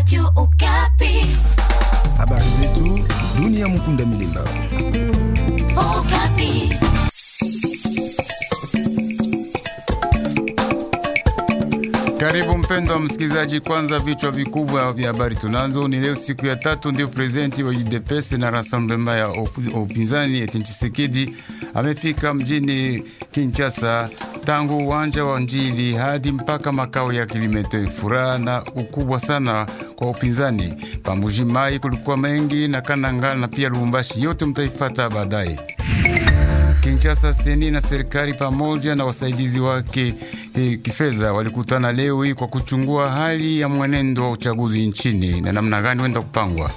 Radio Okapi. Habari zetu dunia mukunda milimba. Okapi. Karibu mpendo wa msikilizaji, kwanza vichwa vikubwa vya habari tunazo ni leo. Siku ya tatu ndio prezidenti wa UDPS na Rassemblement ya upinzani eti Tshisekedi amefika mjini Kinshasa tangu uwanja wa Njili hadi mpaka makao ya Kilimete. Furaha na ukubwa sana kwa upinzani mai kulikuwa mengi na Kananga na pia Lubumbashi, yote mtaifata baadaye. Kinshasa, seni na serikali pamoja na wasaidizi wake eh, kifedha walikutana leo hii kwa kuchungua hali ya mwenendo wa uchaguzi nchini na namna gani wenda kupangwa.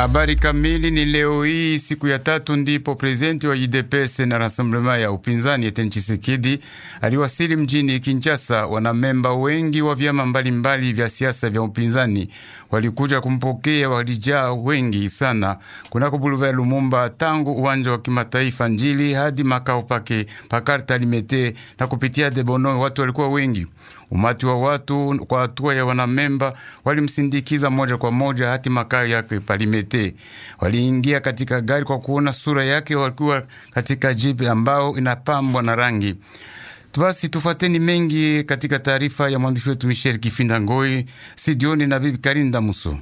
Habari kamili ni leo hii siku ya tatu ndipo prezidenti wa UDPS na Rassemblement ya upinzani Etienne Tshisekedi aliwasili mjini Kinshasa. Wanamemba wengi wa vyama mbalimbali vya siasa vya upinzani walikuja kumpokea walijaa wengi sana kunako Boulevard Lumumba, tangu uwanja wa kimataifa Njili hadi makao pake pakarta limete na kupitia Debono, watu walikuwa wengi. Umati wa watu kwa hatua ya wanamemba walimsindikiza moja kwa moja hadi makao yake Palimete. Waliingia katika gari kwa kuona sura yake, walikuwa katika jipi ambao inapambwa na rangi basi tufateni mengi katika taarifa ya mwandishi wetu Michel Kifinda Ngoi, sidioni na bibi Karinda Muso.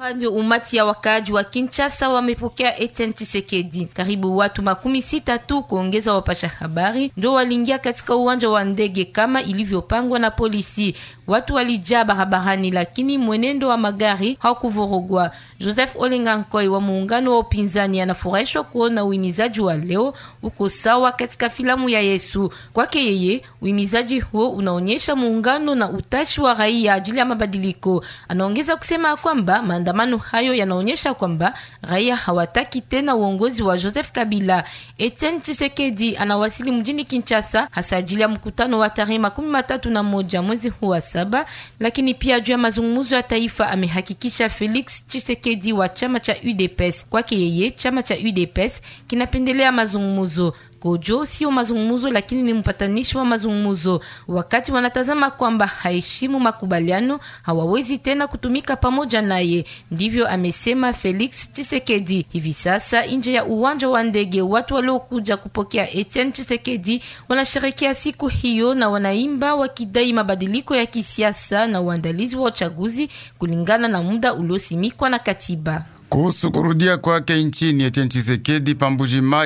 Shukrani umati ya wakaaji wa Kinshasa wamepokea Etienne Tshisekedi. Karibu watu makumi sita tu kuongeza wapasha habari ndio waliingia katika uwanja wa ndege kama ilivyopangwa na polisi. Watu walijaa barabarani, lakini mwenendo wa magari hakuvurugwa. Joseph Olenga wa muungano wa upinzani anafurahishwa kuona uimizaji wa leo uko sawa katika filamu ya Yesu. Kwake yeye, uimizaji huo unaonyesha muungano na utashi wa raia ajili ya mabadiliko. Anaongeza kusema kwamba Maandamano hayo yanaonyesha kwamba raia hawataki tena uongozi wa Joseph Kabila. Etienne Tshisekedi anawasili mjini Kinshasa hasa ajili ya mkutano wa tarehe makumi matatu na moja mwezi huu wa saba, lakini pia juu ya mazungumzo ya taifa amehakikisha Felix Tshisekedi wa chama cha UDPS. Kwake yeye chama cha UDPS kinapendelea mazungumzo. Gojo sio mazungumzo, lakini ni mpatanishi wa mazungumzo. Wakati wanatazama kwamba haheshimu makubaliano, hawawezi tena kutumika pamoja naye, ndivyo amesema Felix Chisekedi. Hivi sasa nje ya uwanja wa ndege, watu waliokuja kupokea Etienne Chisekedi wanasherekea siku hiyo na wanaimba wakidai mabadiliko ya kisiasa na uandalizi wa uchaguzi kulingana na muda uliosimikwa na katiba. Kuhusu kurudia kwake nchini, Etienne Tshisekedi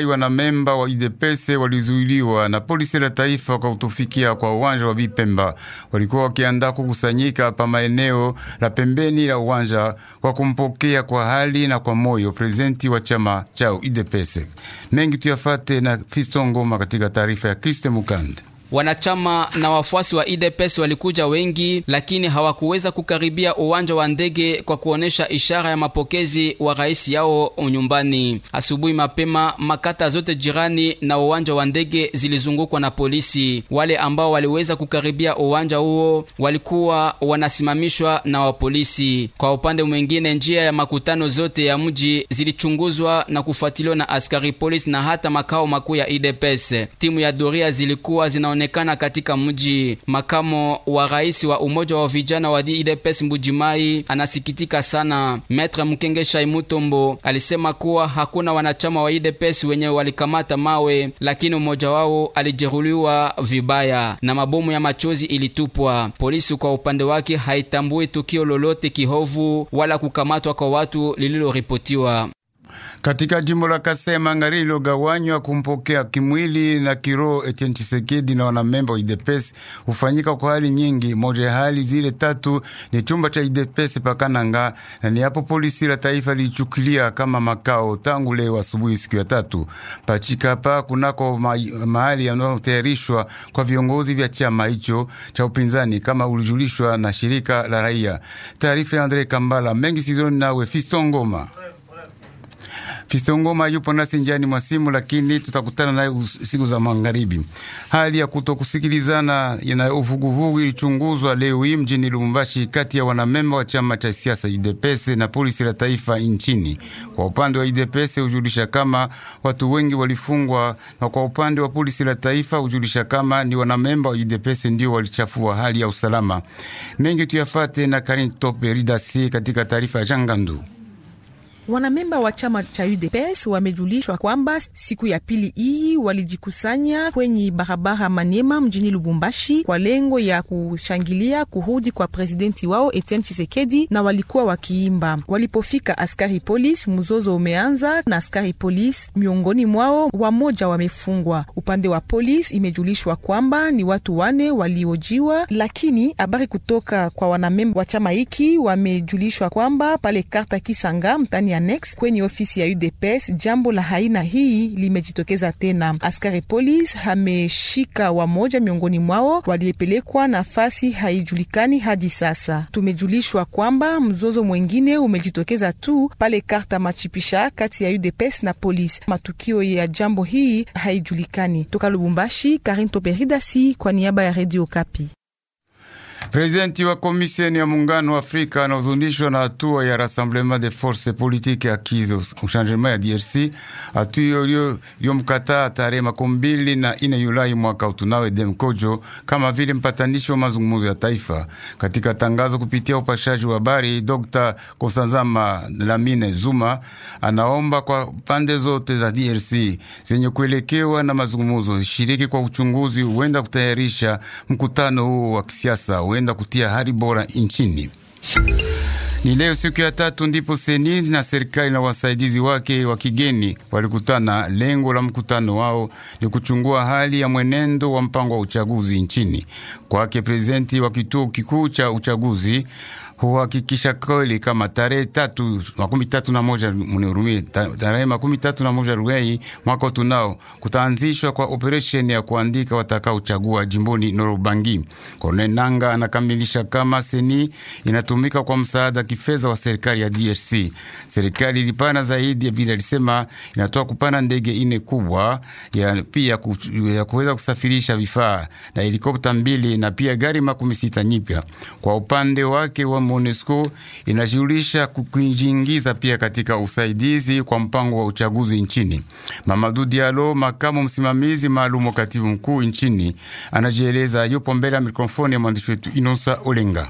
wana memba wa UDPS walizuiliwa na polisi la taifa kwa kutufikia kwa uwanja wa Bipemba. Walikuwa wakiandaa kukusanyika pa maeneo la pembeni la uwanja kwa kumpokea kwa hali na kwa moyo prezidenti wa chama chao UDPS. Mengi tuyafate na Fiston Ngoma katika taarifa ya Kriste Mukande. Wanachama na wafuasi wa UDPS walikuja wengi, lakini hawakuweza kukaribia uwanja wa ndege kwa kuonesha ishara ya mapokezi wa rais yao nyumbani. Asubuhi mapema, makata zote jirani na uwanja wa ndege zilizungukwa na polisi. Wale ambao waliweza kukaribia uwanja huo walikuwa wanasimamishwa na wapolisi. Kwa upande mwingine, njia ya makutano zote ya mji zilichunguzwa na kufuatiliwa na askari polisi na hata makao makuu ya UDPS. Timu ya doria zilikuwa zinaonekana kuonekana katika mji. Makamo wa rais wa umoja wa vijana wa UDPS Mbujimai anasikitika sana. Metre Mkenge Shaimutombo alisema kuwa hakuna wanachama wa idps wenye walikamata mawe, lakini mmoja wao alijeruhiwa vibaya na mabomu ya machozi ilitupwa. Polisi kwa upande wake haitambui tukio lolote kihovu wala kukamatwa kwa watu lililoripotiwa. Katika jimbo la Kasema ngari iliyogawanywa kumpokea kimwili na kiroho Etienne Tshisekedi na wanamemba wa UDPS hufanyika kwa hali nyingi. Moja ya hali zile tatu ni chumba cha UDPS pakananga, na ni hapo polisi la taifa lilichukulia kama makao tangu leo asubuhi, siku ya tatu. Pachika pa kunako ma, mahali yanayotayarishwa kwa viongozi vya chama hicho cha upinzani, kama ulijulishwa na shirika la raia. Taarifa ya Andre Kambala mengi sizoni nawe Fiston Ngoma. Kistongoma yupo nasi njiani mwa simu, lakini tutakutana naye siku za magharibi. Hali ya kutokusikilizana na uvuguvugu ilichunguzwa leo hii mjini Lubumbashi kati ya wanamemba wa chama cha siasa UDPS na polisi la taifa nchini. Kwa upande wa UDPS hujulisha kama watu wengi walifungwa, na kwa upande wa polisi la taifa hujulisha kama ni wanamemba wa UDPS ndio walichafua hali ya usalama. Mengi tuyafate na Karin Tope Ridasi katika taarifa ya Jangandu. Wanamemba wa chama cha UDPS wamejulishwa kwamba siku ya pili hii walijikusanya kwenye barabara manyema mjini Lubumbashi kwa lengo ya kushangilia kurudi kwa presidenti wao Etienne chisekedi na walikuwa wakiimba. Walipofika askari polisi, mzozo umeanza na askari polisi miongoni mwao wamoja wamefungwa. Upande wa polisi imejulishwa kwamba ni watu wane waliojiwa, lakini habari kutoka kwa wanamemba wa chama hiki wamejulishwa kwamba pale Karta Kisanga mtani ya Nex kwenye ofisi ya UDPS. Jambo la haina hii limejitokeza tena. Askari polis ameshika wamoja miongoni mwao waliyepelekwa nafasi haijulikani hadi sasa. Tumejulishwa kwamba mzozo mwengine umejitokeza tu pale karta machipisha kati ya UDPS na polis. Matukio ya jambo hii haijulikani. Toka Lubumbashi, Karin Toperidasi kwa niaba ya redio Kapi. Prezidenti wa komisheni ya muungano wa Afrika anahuzunishwa na hatua ya Rassemblement de Force Politique Acquise au Changement ya DRC, hatua hiyo iliyomkataa tarehe makumi mbili na ine Julai mwaka utunawe Demkojo kama vile mpatanishi wa mazungumzo ya taifa. Katika tangazo kupitia upashaji wa habari, Dr. Kosanzama Lamine Zuma anaomba kwa pande zote za DRC zenye kuelekewa na mazungumzo zishiriki kwa uchunguzi, huenda kutayarisha mkutano huo wa kisiasa huenda kutia hali bora nchini. Ni leo siku ya tatu ndipo seni na serikali na wasaidizi wake wa kigeni walikutana. Lengo la mkutano wao ni kuchungua hali ya mwenendo wa mpango wa uchaguzi nchini. Kwake prezidenti wa kituo kikuu cha uchaguzi huhakikisha kweli kama tarehe tatu makumi tatu na moja mnihurumie, tarehe makumi tatu na moja Ruei mwaka tunao kutaanzishwa kwa operesheni ya kuandika watakaochagua jimboni Norobangi. Kone Nanga anakamilisha kama seni inatumika kwa msaada kifedha wa serikali ya DRC. Serikali ilipana zaidi ya vile alisema, inatoa kupana ndege ine kubwa ya pia ku, ya kuweza kusafirisha vifaa na helikopta mbili na pia gari makumi sita nyipya kwa upande wake wa MONUSCO inajishughulisha kuingiza pia katika usaidizi kwa mpango wa uchaguzi nchini. Mamadu Diallo, makamu msimamizi maalum wa katibu mkuu nchini, anajieleza, yupo mbele ya mikrofoni ya mwandishi wetu Inosa Olenga.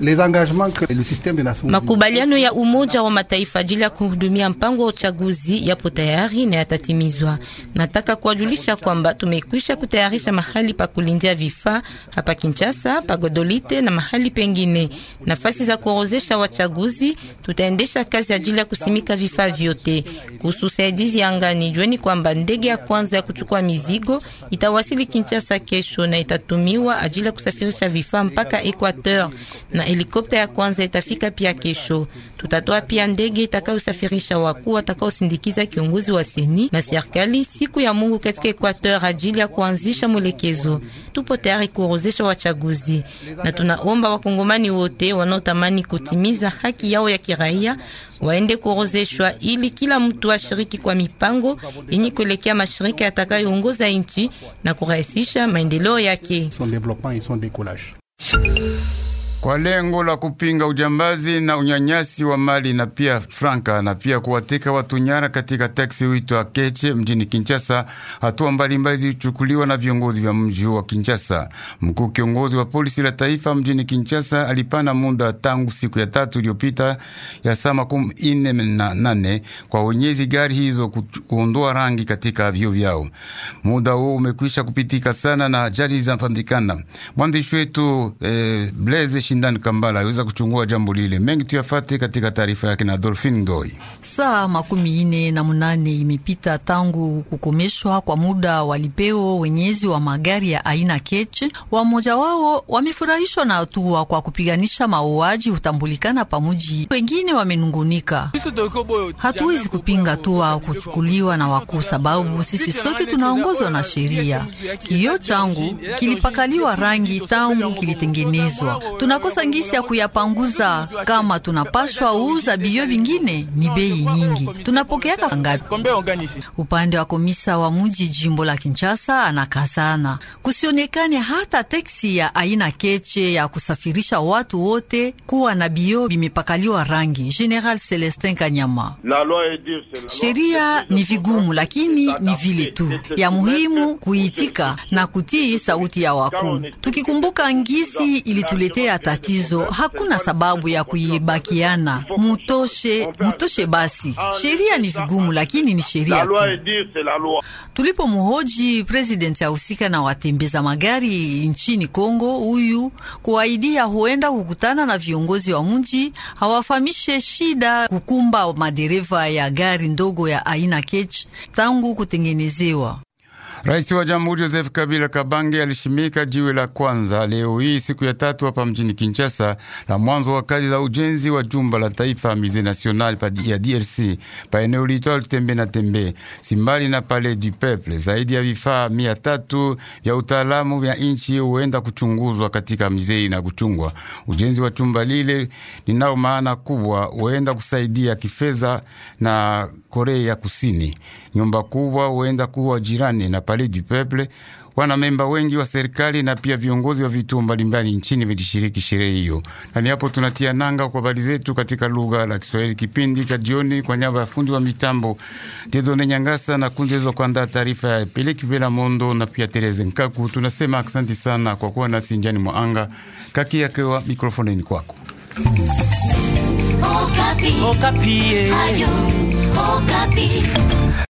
Les engagements que le système des Nations makubaliano ya Umoja wa Mataifa ajili ya kuhudumia mpango wa uchaguzi yapo tayari na yatatimizwa. Nataka kuwajulisha kwamba tumekwisha kutayarisha mahali pa kulindia vifaa hapa Kinshasa, pa Godolite na mahali pengine, nafasi za kuorozesha wachaguzi. Tutaendesha kazi ajili ya kusimika vifaa vyote. Kuhusu saidizi angani, jueni kwamba ndege ya kwanza ya kuchukua mizigo itawasili Kinshasa kesho na itatumiwa ajili ya kusafirisha vifaa mpaka Equateur na na helikopta ya kwanza itafika pia kesho. Tutatoa pia ndege itakayosafirisha wakuu watakaosindikiza kiongozi wa seni na serikali siku ya Mungu katika Ekwateur ajili ya kuanzisha mwelekezo. Tupo tayari kuorozesha wachaguzi na tunaomba wakongomani wote wanaotamani kutimiza haki yao ya kiraia waende kuorozeshwa, ili kila mtu ashiriki kwa mipango yenye kuelekea mashirika yatakayoongoza nchi na kurahisisha maendeleo yake kwa lengo la kupinga ujambazi na unyanyasi wa mali na pia franka na pia kuwateka watu nyara katika taksi wito wa Keche mjini Kinshasa. Hatua mbalimbali zilichukuliwa na viongozi vya mji wa Kinshasa. Mkuu kiongozi wa polisi la taifa mjini Kinshasa alipana muda tangu siku ya tatu iliyopita ya saa makumi ine na nane kwa wenyezi gari hizo kuondoa rangi katika vio vyao. Muda huo umekwisha kupitika sana na ajali zinafandikana. Mwandishi wetu eh, Blaise Shindani Kambala aliweza kuchungua jambo lile. Mengi tuyafate katika taarifa yake na Dolphin Ngoi. Saa makumi ine na munane imepita tangu kukomeshwa kwa muda walipeo wenyezi wa magari ya aina keche. Wamoja wao wamefurahishwa na hatua kwa kupiganisha mauaji hutambulikana pamuji, wengine wamenungunika. Hatuwezi kupinga tuwa kuchukuliwa na wakuu, sababu sisi sote tunaongozwa na sheria. Kioo changu kilipakaliwa rangi tangu kilitengenezwa. Tuna tunakosa ngisi ya kuyapanguza. Kama tunapashwa uuza biyo vingine, ni bei nyingi, tunapokeaka ngapi? Upande wa komisa wa muji jimbo la Kinshasa anakazana kusionekane hata teksi ya aina keche ya kusafirisha watu wote kuwa na biyo bimepakaliwa rangi. General Celestin Kanyama: sheria ni vigumu, lakini ni vile tu ya muhimu kuitika na kutii sauti ya wakuu, tukikumbuka ngisi ilituletea tatizo, hakuna sababu ya kuibakiana. Mutoshe, mutoshe basi. Sheria ni vigumu, lakini ni sheria tu. muhoji presidenti ahusika na watembeza magari nchini Kongo, huyu kuaidia huenda kukutana na viongozi wa mji hawafahamishe shida kukumba madereva ya gari ndogo ya aina kech tangu kutengenezewa Rais wa Jamhuri Joseph Kabila Kabange alishimika jiwe la kwanza leo hii siku ya tatu hapa mjini Kinshasa la mwanzo wa kazi za ujenzi wa jumba la taifa Musee National ya DRC pa eneo liitwa Lutembe na Tembe simbali na Palais du Peuple. Zaidi ya vifaa mia tatu vya utaalamu vya nchi huenda kuchunguzwa katika mizei na kuchungwa. Ujenzi wa jumba lile linao maana kubwa, huenda kusaidia kifedha na Korea Kusini. Nyumba kubwa huenda kuwa jirani na palais du Peuple. Wana memba wengi wa serikali na pia viongozi wa vituo mbalimbali nchini vilishiriki sherehe hiyo. Na ni hapo tunatia nanga kwa habari zetu katika lugha la Kiswahili kipindi cha jioni, kwa niaba ya fundi wa mitambo Dedone Nyangasa na kunjezwa kuandaa taarifa ya Peleki Vela Mondo na pia Tereze Nkaku. Tunasema asante sana kwa kuwa nasi njani mwa anga kaki yakewa mikrofoneni kwako Okapi. Okapi. Eh. Ayu, Okapi.